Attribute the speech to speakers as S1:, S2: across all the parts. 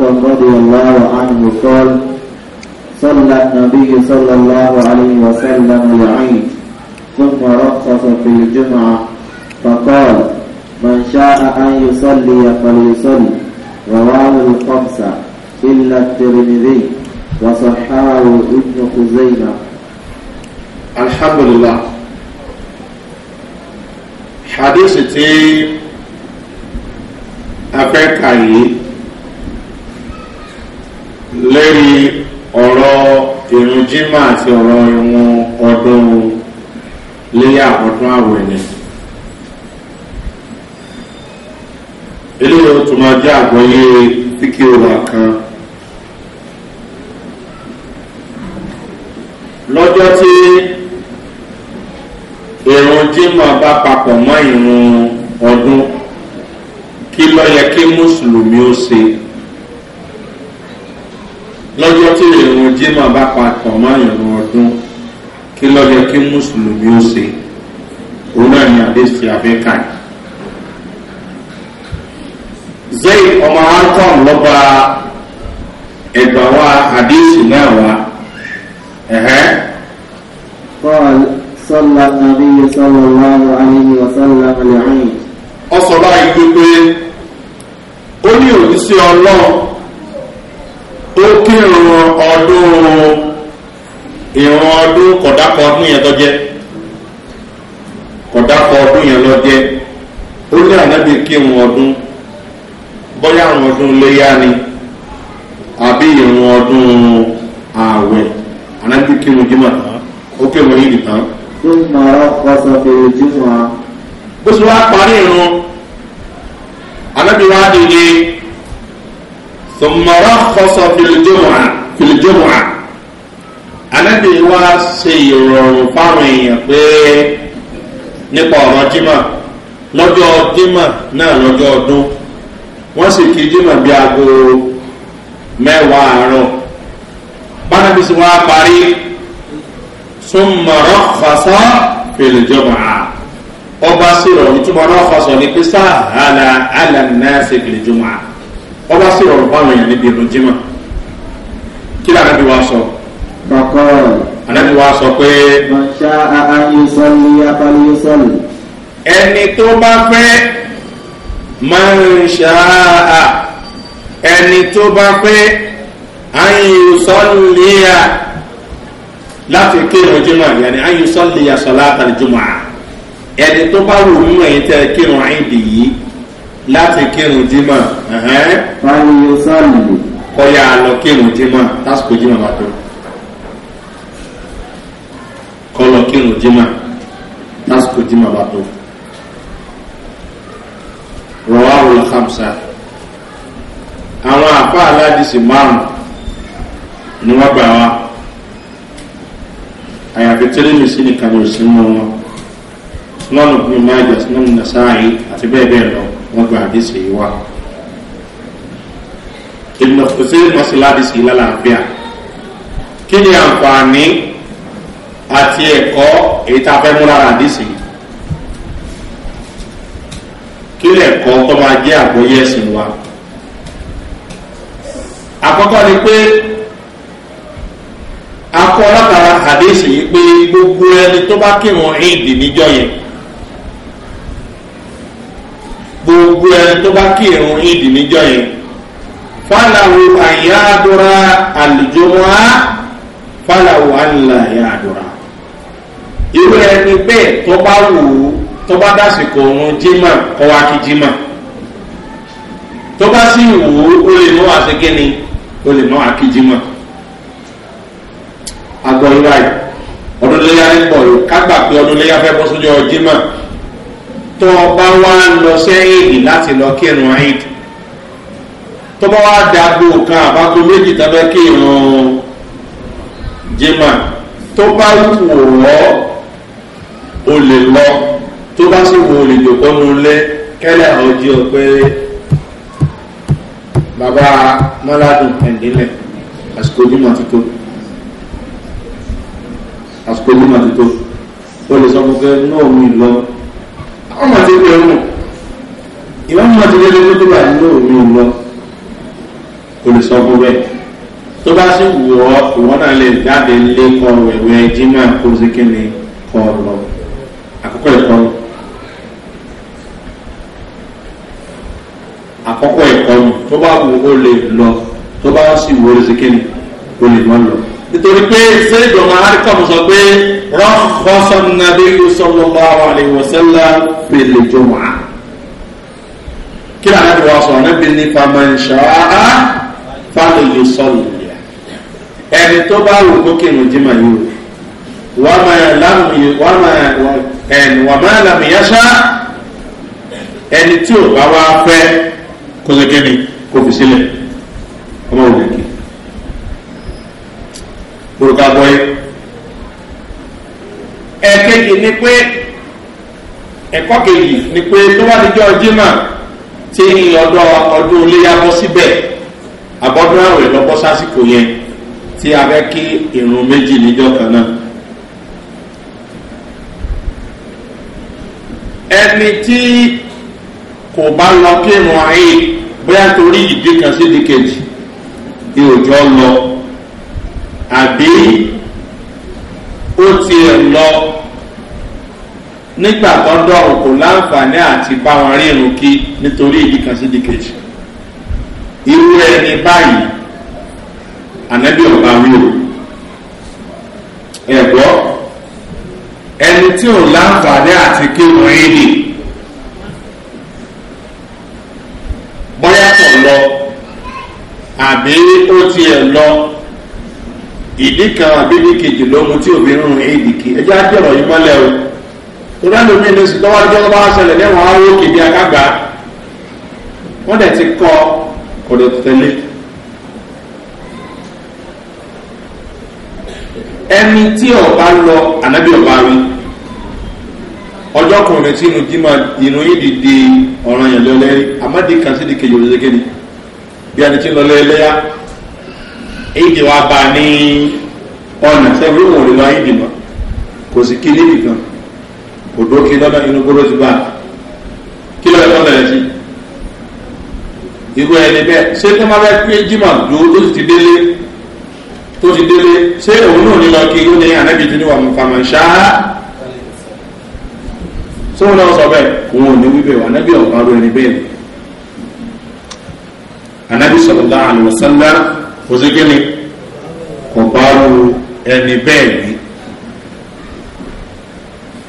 S1: عباس رضي الله عنه قال صلى النبي صلى الله عليه وسلم العيد ثم رخص في الجمعة فقال من شاء أن يصلي فليصلي رواه الخمسة إلا الترمذي وصحاه ابن خزيمة الحمد لله حديث تي أفكاري lẹ́yìn ọ̀rọ̀ ìrun jimá àti ọ̀rọ̀ ìrun ọdún léyà ọdún àwẹ̀ ni. eléyìí ó tún máa jẹ́ àgbọ́yé fíkì òwà kan. lọ́jọ́ tí ìrun jimá bá papọ̀ mọ́ ìrun ọdún kí ló yẹ kí mùsùlùmí ó ṣe. lọ́jọ́ tí ìrìn jimá bá papọ̀ mọ́ ọdún kí lọ́jọ́ kí mùsùlùmí ó ṣe òun náà ni àdéṣe abẹ́ka yìí. ọmọ anton lọ́ba ẹ̀gbà wa àdéṣe náà wá. صلى النبي صلى الله ọsọ báyìí pé ó ní ó kírun ọdún ìrun ọdún kọ̀dákọ̀ ọdún yẹn tó jẹ́ kọ̀dákọ̀ ọdún yẹn lọ jẹ́ ó ní ànábì kírun ọdún bọ́yá àwọn ọdún léyà ni àbí ìrun ọdún ààwẹ̀ ànábì kírun jimá ó kírun yìí nìkan. tó máa wọ́sọ̀ fèrè jimá. bó ṣe wá parí ìrun ànábì wá dìde. ثم رخص في الجمعة في الجمعة anabi wa ṣe ìrọ̀rùn fáwọn èèyàn pé nípa ọ̀rọ̀ jimá lọ́jọ́ jimá náà lọ́jọ́ ọdún wọ́n sì kí jimá bíi aago mẹ́wàá àárọ̀ bánabi sì wá parí súnmọ̀rọ̀ fàṣọ fèlèjọba ọba sí ìrọ̀rùn túnmọ̀rọ̀ ní pé sáà hàlà àlànà sí ọba sì rọrùn fáwọn èèyàn níbi ìrùn jimá kí lóò anábì wa sọ. bàkọ́ anábì wa sọ pé. bàṣà àyèsọ́lì abalẹ̀sọ́lì. ẹni tó bá fẹ́ máa ń ṣáà ẹni tó bá fẹ́ àyèsọ́lì à láti kírun jimá yẹn ni àyèsọ́lì àsọ̀lá àtàlẹ̀ jùmọ̀ ẹni tó bá wù ú ẹ̀yìn tẹ́ kírun àyèdè yìí láti kírun jímọ̀ fàlìyé sọ́ọ̀lì kọ́yà lọ kírun jímọ̀ tásìkò jímọ̀ bá tó kọ́ lọ kírun jímọ̀ tásìkò jímọ̀ bá tó rọwá wòlò hamsa àwọn àpá aládìsí márùn ni wọ́n gbà wá àyàfi tẹ́lẹ̀mì sí ni kàlùsí mọ́ wọn lọ́nà bí máa jẹ́ sínú nasáyé àti bẹ́ẹ̀ bẹ́ẹ̀ lọ wọ́n gba àdìsí yìí wá. ìlànà òsè mọ́sálà àdìsí yìí lálàáfíà kí ni àǹfààní àti ẹ̀kọ́ èyí tá a fẹ́ mú lára àdìsí yìí kí ni ẹ̀kọ́ tó máa jẹ́ àgbóyè ẹ̀sìn wa. àkọ́kọ́ ni pé akọ́ látara àdìsí yìí pé gbogbo ẹni tó bá kírun éèdì níjọ́ yẹn gbogbo ẹni tó bá kí irun ìdì níjọ yẹn fáláwo àyàdúrà àlùjọmọ́á fáláwo àlùlà àyàdúrà irú ẹni bẹ́ẹ̀ tó bá wò ó tó bá dásìkò ọ̀run jimá kọ́ wa kí jimá tó bá sì wò ó ó lè mọ́ àṣegẹ́ni ó lè mọ́ àkíjimá àgọ́ ìwà ọdún léyà ń bọ̀ yìí ká pé ọdún léyà fẹ́ bọ́ sójú ọ jimá tó o bá wá ń lọ sẹ́yìn láti lọ kírun eid tó bá wá dago kan àbáko méjì tábẹ́ kírun jimá tó bá wù ọ́ o lè lọ tó bá sì wù ọ́ lè jòkó nulẹ̀ kẹ́lẹ́ àwọn ojú ọ bàbá mọ́ládùn ẹ̀ndínlẹ̀ àsìkò jimá ti àsìkò jimá ti o lè sọ fún kẹ́ ní òun ìlọ ọmọ tó gbé ọmọ ìwọ́n mọ̀ tó lé lóko tó bá ní òní lọ kò lè sọ fún bẹ́ẹ̀ tó bá sì wù ọ́ ìwọ́n náà lè jáde lé kọ́ ìwẹ̀ jimá kó sí kí ni kọ́ lọ àkọ́kọ́ ẹ̀kọ́ lọ. àkọ́kọ́ ẹ̀kọ́ nù tó bá wù ó lè lọ tó bá sì wù ó lè ṣe kéde ó lè má lọ nítorí pé sẹ́yìn ọmọ arákàmù sọ pé rọ́fọ́sán nàbí sọ́lọ́ báwa lè wọ́sẹ́lá fèlè jọ̀wọ́ kí làwọn ẹ̀fọ́ sọ níbi ní famanṣá fáwọn èyí sọ́lọ́ ẹni tó bá wù kó kírun jimá yìí wọ́n máa lámù ẹni wọ́n máa lámù yáṣá ẹni tí ò bá wá fẹ́ kó sọ ni kó fi sílẹ̀. gbòòrò gbọ́ yẹ. ẹ̀kejì ni pé ẹ̀kọ́ kejì ni pé tó wá níjọ́ jimá tí ọdún ọdún iléyà bọ́ síbẹ̀ àbọ̀dún àwẹ̀ lọ́bọ́ sásìkò yẹn tí a fẹ́ kí irun méjì níjọ́ kan náà. ẹni tí kò bá lọ kírun ayé bóyá torí ìdí kan sí ìdí kejì ni òjò lọ àbí ó tiẹ̀ lọ nígbà tó dọ̀rùn kò láǹfààní àti bá wọn rí irun kí nítorí ìdí kan sí di kejì irú ẹni báyìí ànábì ọba wí o ẹ̀gbọ́ ẹni tí ò láǹfààní àti kí wọn rí ni bóyá kò lọ àbí ó tiẹ̀ lọ ìdí kan àbídí kejì ló mu tí òbí rún éèdì kí ẹjẹ á jẹrọ yìí mọlẹ o torí àlọ mi ní sùn tọwọ́ jọ́wọ́ bá ṣẹlẹ̀ lẹ́wọ̀n á wó kìdí akágbá wọ́n dẹ̀ ti kọ́ kò lè tẹ̀lé. ẹni tí ọba lọ ànábì ọba rí ọjọ́ kùnrin tí inú jimá inú yìí dìde ọ̀ràn yẹn lọ lẹ́rí àmọ́ kan sí di kejì òṣèlú kejì bí a ti lọ lẹ́yà èdè wa bá ní ọ̀nà sẹ́fúrú mò ń lè lọ èdè mọ́ kò sí kí níbi kan kò dó kí lọ́dọ̀ inú gbọ́dọ̀ ti bá kí lọ́dọ̀ tó bẹ̀rẹ̀ sí. irú ẹni bẹ́ẹ̀ ṣé tó máa bẹ́ẹ̀ pé jimá dúró tó ti délé tó ti délé ṣé òun náà ní lọ kí ó ní ànábì tó ní wà mọ̀ fàmọ̀ ṣáá sóhun náà sọ bẹ́ẹ̀ òun ò ní wíbẹ̀ wà ànábì ọ̀gá ọ̀rọ̀ ẹni bẹ́ẹ̀ ànábì sọ̀rọ̀ láàrin kò sí kí ni kò bá ru ẹni bẹ́ẹ̀ ni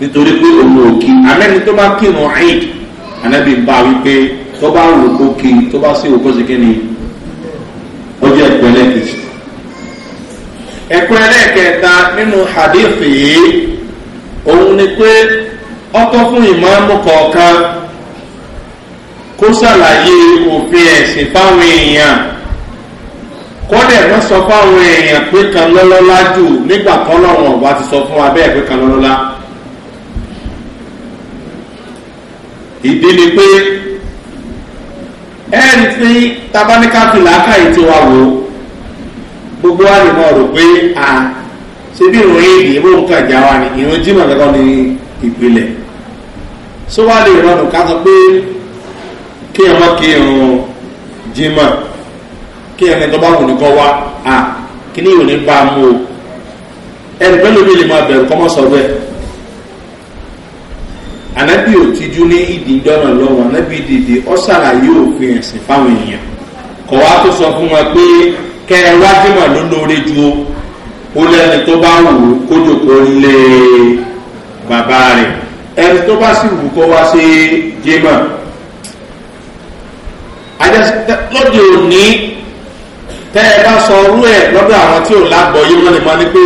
S1: nítorí pé òun ò kí amẹ́ni tó bá kírun eid anábì ń bá wípé tó bá wò kó kí tó bá sí òkú sí kí ni ọjọ́ ẹ̀kọ́ ẹlẹ́kejì ẹ̀kọ́ ẹlẹ́kẹta nínú hadith yìí òun ni pé ọkọ fún ìmọ̀ọ́mù kọ̀ọ̀kan kó sàlàyé òfin ẹ̀sìn fáwọn èèyàn kọ́dẹ̀ wọ́n sọ fáwọn èèyàn pé kan lọ́lọ́lá jù nígbà tọ́lọ́wọ̀n ọba ti sọ fún wa bẹ́ẹ̀ pé kan lọ́lọ́lá. ìdí ni pé ẹ̀rí tí tabaníkàtì làákàyè ti wà wò gbogbo wa lè mọ̀ rò pé a ṣe bí ìròyìn èdè ìwé nǹkan ìjà wa ni ìròyìn jimọ̀ kankan ni ìpìlẹ̀ sọ wá lè rọrùn ká sọ pé kí ẹ mọ́ kí irun jimọ̀ kí ẹ̀kẹ́ tó bá wù ní kọ́ wá à kí ni ìwé ní bá a mú o ẹnì pẹ́ lómi lè máa bẹ̀rù kọ́ mọ́ sọ bẹ́ẹ̀ anabi ò tijú ní ìdíjọ́ náà lọ́wọ́ anabi dìde ọ́ sàlàyé òfin ẹ̀sìn fáwọn èèyàn kọ̀ wá tó sọ fún wa pé kẹ́ ẹ wá dé wà ló lóore ju o ó lẹ́ni tó bá wù ú kó lé bàbá rẹ̀ ẹni tó bá sì wù kó wá sí jémà lọ́dẹ òní tẹ́ ẹ bá sọ orú ẹ̀ lọ́dọ̀ àwọn tí ò lágbọ̀ yìí wọ́n lè máa ní pé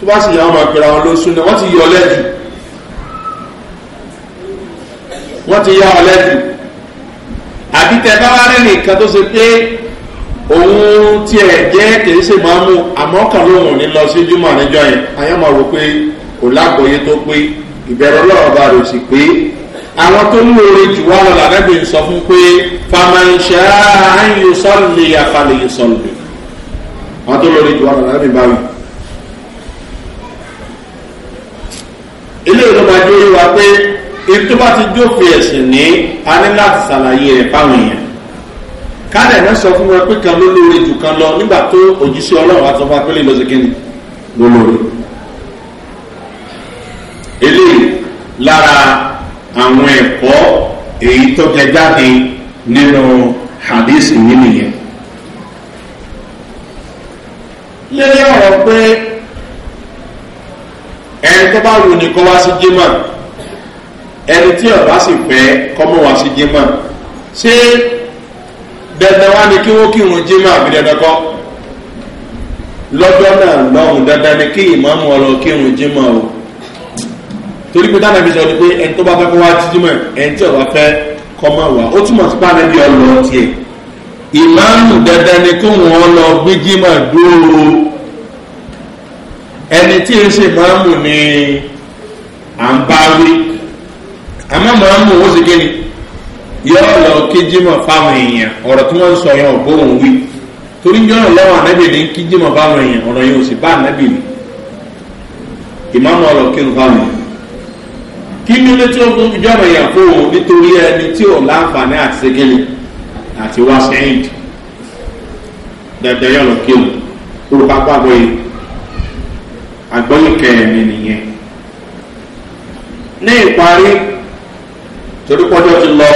S1: tó bá sì yà wọ́n máa gbéra wọn lóṣù náà wọ́n ti yọ lẹ́jù wọ́n ti yọ lẹ́jù àbí tẹ́ bá wá rí nìkan tó ṣe pé òun tiẹ̀ jẹ́ kìí ṣe máa mú àmọ́ kan lóhùn ní lọ sí júmọ̀ níjọ yẹn àyàn máa wò pé kò lágbọ̀ yìí tó pé ìbẹ̀rù ọlọ́run bá rò sí pé àwọn tó lóore jù wá lọ làdẹ́bí sọ fún pé famanṣẹ́ ayọ̀sọ́lẹ̀ àfàlẹ̀ yọ̀sọ́lẹ̀ àwọn tó lóore jù wá lọ làdẹ́bí báwí. ilé ìlú máa jó yíwa pé ibi tó bá ti jófin ẹ̀sìn ní a ní láti ṣàlàyé rẹ̀ fáwọn èèyàn kálẹ̀ náà sọ fún wọn pé kan ló lóore jù kan lọ nígbà tó òjíṣẹ́ ọlọ́run àtọ́fà pélé lọ́sọ̀kẹ́ni ló lóore. àwọn ẹ̀kọ́ èyí tó jẹ jáde nínú hadith yìí nìyẹn. lórí ọ̀rọ̀ pé ẹni tó bá wù ní kó wá sí jimá ẹni tí ọ̀bá sì fẹ́ kọ́ mọ́ wá sí jimá ṣé dandan wá ni kí wọ́n kírun jimá àbí kọ́ lọ́jọ́ náà lọ́hùn dandan ni kí ìmọ̀ ọmọ ọlọ́ kírun jimá o torí pé dáná ìbísọ̀ ni pé ẹni tó bá fẹ́ kó wá jíjímọ̀ ẹni tí ọ̀wá fẹ́ kọ́ mọ̀ wá ó túmọ̀ sí pàánà bí ọlọ́ tiẹ̀ ìmáàmù dandan ni kó wọn lọ gbíjímọ̀ dúró ẹni tí ń ṣe máàmù ni à ń bá wí àmọ́ máàmù ó sì gé ni yóò lọ kíjímọ̀ fáwọn èèyàn ọ̀rọ̀ tí wọ́n sọ yẹn ò wí torí jọ́nà lọ́wọ́ ànábì ní kíjímọ̀ fáwọn èèyàn ọ̀rọ̀ yẹn ò sì bá ànábì mi ìmáàmù ọlọ́kírun fáwọn èèyàn kí ni ló tí ó fún ìjọba yẹn fún òun nítorí ẹni tí ò láǹfààní àti segele àti wá sẹ́yìn dandan yóò lọ kí o olùkọ́ àgbàgbọ́ yìí àgbọ́yé kẹrin nìyẹn ní ìparí torí pọ́jọ́ ti lọ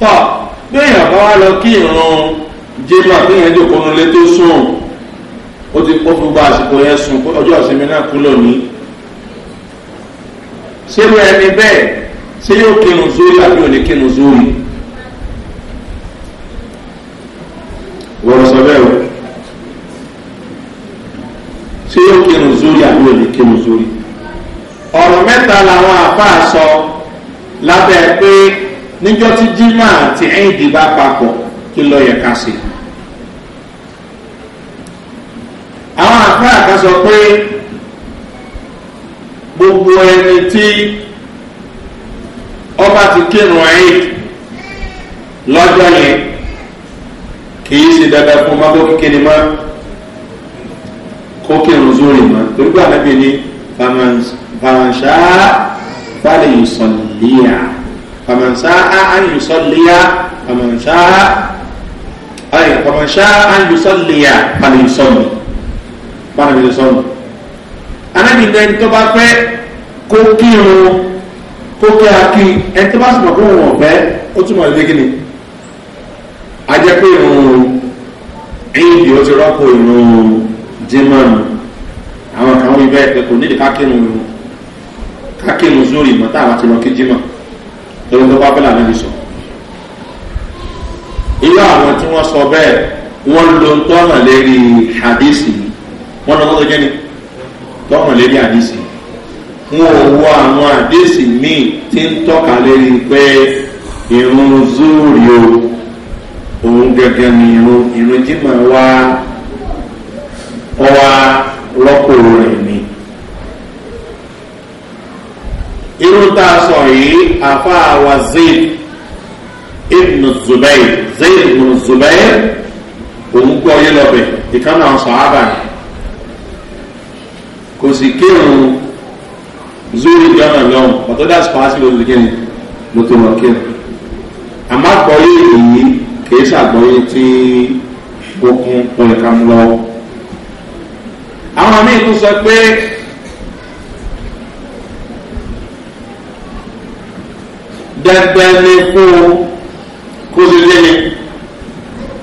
S1: tọ́ bí èèyàn bá wá lọ kí ìran jéba bí èèyàn jòkó nulẹ̀ tó sùn ó ti pọ́ fún gba àsìkò yẹn sùn ọjọ́ ìsinmi náà kú lónìí sẹ́lu ẹni bẹ́ẹ̀ ṣé yóò kírun zórí àbí òní kírun zórí. wọ́n sọ bẹ́ẹ̀ o ṣé yóò kírun zórí àbí òní kírun zórí. ọ̀rọ̀ mẹ́ta làwọn àfáà sọ lábẹ́ pé níjọ́ tí jimá àti ẹ̀yìndì bá papọ̀ kí lọ́ọ́ yẹ ká sí. àwọn àfáà kan pé gbogbo ẹni tí ọba ti kírun ẹ̀yìn lọ́jọ́ yẹn kìí ṣe dandan fún ọmọ tó kékeré mọ́ kó kírun zórí mọ́ torí pé àlẹ́bí ni fàmàṣá fàlẹ̀ ìsọ̀lẹ́yà fàmàṣá àyùsọ̀lẹ́yà fàmàṣá ayé fàmàṣá àyùsọ̀lẹ́yà fàlẹ̀ ìsọ̀lẹ́ fàlẹ̀ ìsọ̀lẹ́ anábìnrin tó bá fẹ́ kó kírun kó kí akí ẹni tí bá sì mọ̀ pé òun ọ̀gbẹ́ ó túmọ̀ lé kí ni a jẹ́ pé irun ìdí ó ti rọ́pò irun jimanu àwọn kan wí bẹ́ẹ̀ pé kò nídìí ká kírun ká kírun sórí ìmọ̀ táwọn ti lọ kí jimá lórí tó bá bẹ́ẹ̀ lànà ìbísọ̀ irú àwọn tí wọ́n sọ bẹ́ẹ̀ wọ́n lo tọ́nà lérí hadisi wọ́n lọ́wọ́ tó jẹ́ ni tọ́nà lérí hadisi wọn ò wọ àwọn àdéhùn míì tí ń tọ́ka lẹ́yìn pé irun zúùrì o òun gẹ́gẹ́ ni irun irun jimá wá ọwá rọ́pò rẹ̀ ni. irun tá a sọ yìí àfa àwa zayn ibn zubair zayn ibn zubair òun gbọ́ yé lọ́bẹ̀ ìkànnà sọ̀ ábà kò sì kírun zuri jọ́nà lọ́hùn ọ̀tọ́ dà sùpàásì ló ti kíni ló tó lọ kí ni. àmọ́ àgbọ̀yé èyí kìí ṣàgbọ̀yé tí okun orin ká mú lọ́wọ́. àwọn míì tún sọ pé dandan ni kó kó sí léni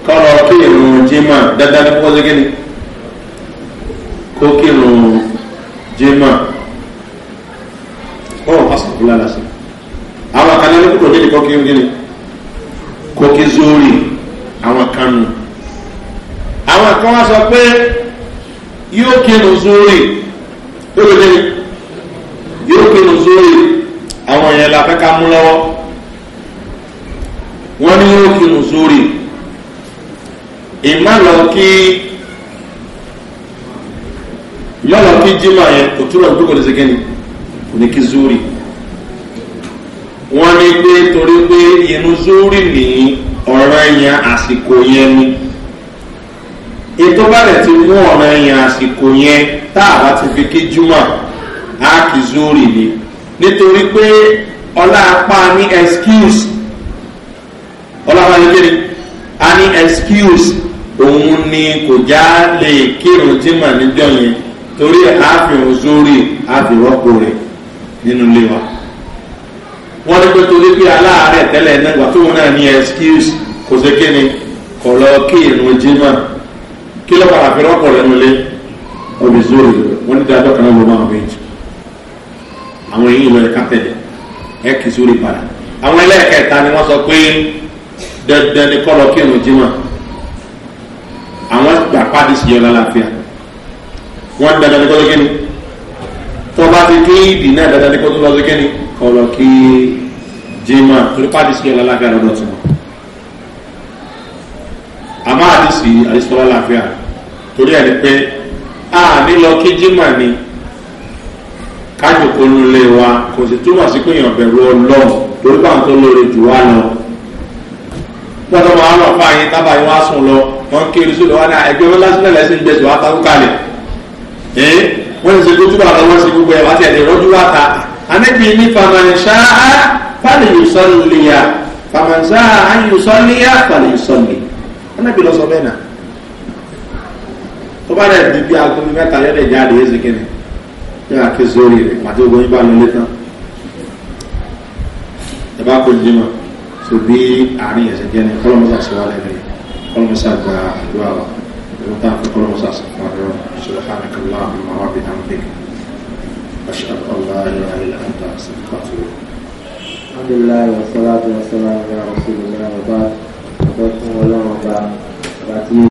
S1: kọ́rọ̀ kí irun jimá dandan ni kó sí kíni kó kí irun jimá àsìkúlá lásì. àwọn kan lẹ́nu kò ní kọ́kí gíní kọ́kí zórí àwọn kan nù. àwọn kan wá sọ pé yóò kírun zórí yóò lè yóò kírun zórí àwọn yẹn la fẹ́ ká mú lọ́wọ́ wọ́n ní yóò kírun zórí ìmọ̀lọ́ kí yọ̀lọ́ kí jimá yẹn òtúrọ̀ ìdúgbò lè ṣe wọ́n ní pé torí pé inú zúrì ní ọ̀ràn yẹn àsìkò yẹn ni ètò bàlẹ̀ ti mú ọ̀ràn yẹn àsìkò yẹn tá a bá ti fi kí júmọ̀ á kì zúrì ni nítorí pé ọlá apá ní excuse ọlá apá ní kéde a ní excuse òun ni kò já lè kírun jímọ̀ níjọ́ yẹn torí àfihàn zúrì àfihàn rọ́pò rẹ̀ nínú ilé wa wọ́n ní pé torí pé aláàárẹ̀ tẹ́lẹ̀ náà gbà tóun náà ní excuse kò sí kí ni kò lọ kí irun jimá kí ló padà fi rọ́pò lẹ́nu lé olùzóòrè wọ́n ní dájọ́ kan ló máa wéjì àwọn èyí lọ ẹ̀ka tẹ̀lé ẹ̀ kì í sórí padà àwọn ẹlẹ́ẹ̀kẹta ni wọ́n sọ pé dandan ni kọ́ lọ kí irun jimá àwọn gbà pàdé sí yọ lálàáfíà wọ́n dandan ni kọ́ lọ kí ni tọ́ba ti kí ìdì náà dandan ni kọ́ tó lọ sí kí ni kọ́ ki kí jimá torí pàdé sí ọlá láfíà lọ́dọ̀ tí wọn. àmọ́ àdìsí àdìsí ọlá láfíà torí ẹni pé a ní lọ kí jimá ni kájòkó nulẹ̀ wa kò sì túmọ̀ sí pé èèyàn bẹ̀rù ọlọ́run torí báwọn tó lóore jù wá lọ gbọdọ máa lọ fún àyè tábà yín wá sùn lọ wọn kiri sódò wọn náà ẹgbẹ wọn lásìkò lẹsẹ ń gbèsè wọn àtàkùn kalẹ ẹ wọn ti ṣe gbójú bàtà wọn ṣe gbogbo ẹ wọn ti ẹdẹ rọjú ta anabi ní famanṣá fàlìyùsọ̀lìyà famanṣá ayùsọ̀lìyà fàlìyùsọ̀lì anabi lọ sọ bẹ́ẹ̀ náà tó bá dẹ̀ di bí aago mẹ́ta yọ̀dẹ̀ jáde yéé zikiri yóò àké sórí rẹ̀ pàtó ogun yín bá lọ létan ẹ bá kó jimá tó bí àárín ẹ̀sẹ̀ jẹ́ ni kọ́lọ́mọ́sà sọ wà lẹ́nu kọ́lọ́mọ́sà gba àdúrà wa. وتعطي كل مصاص سبحانك اللهم وبحمدك أشهد أن لا إله إلا أنت أستغفرك الحمد لله والصلاة والسلام على رسول الله وبعد أبوكم ولهم وبعد